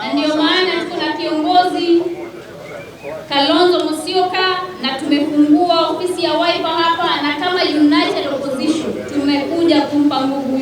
na ndio maana tuko na kiongozi Kalonzo Musyoka na tumefungua ofisi ya Wiper hapa, na kama United Opposition tumekuja kumpa nguvu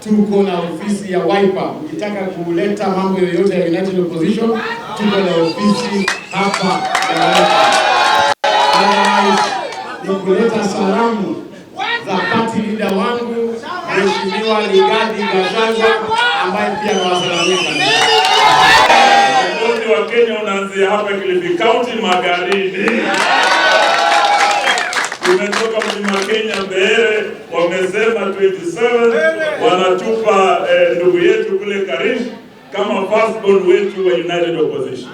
tuko na ofisi ya Wiper. Ukitaka kuleta mambo yoyote ya United Opposition, tuko na ofisi hapa ya Wiper. Ni kuleta salamu za party leader wangu Mheshimiwa Ligadi Gachagua ambaye pia nawasalamia wa Kenya unaanzia hapa Kilifi County Magharibi. Unatoka Mlima Kenya 1987 wanatupa eh, ndugu yetu kule Karish kama firstborn wetu wa United Opposition.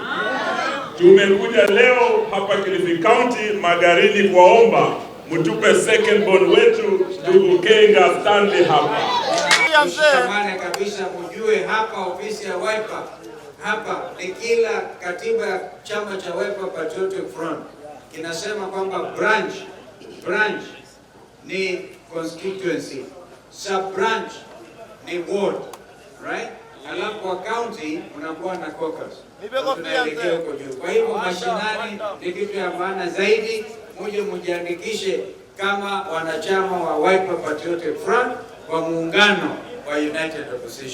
Tumekuja leo hapa Kilifi County Magarini kuwaomba mtupe second secondborn wetu ndugu Kenga Stanley hapa. Mshikamane kabisa, mjue hapa ofisi ya Wiper hapa ni kila katiba ya chama cha Wiper Patriotic Front kinasema kwamba branch branch ni constituency. Sub branch ni ward, right? Alafu kwa county unakuwa na caucus. Tunaelekea huko juu. Kwa hivyo mashinani ni kitu ya maana zaidi, muje mujiandikishe kama wanachama wa Wiper Patriotic Front wa muungano wa United Opposition.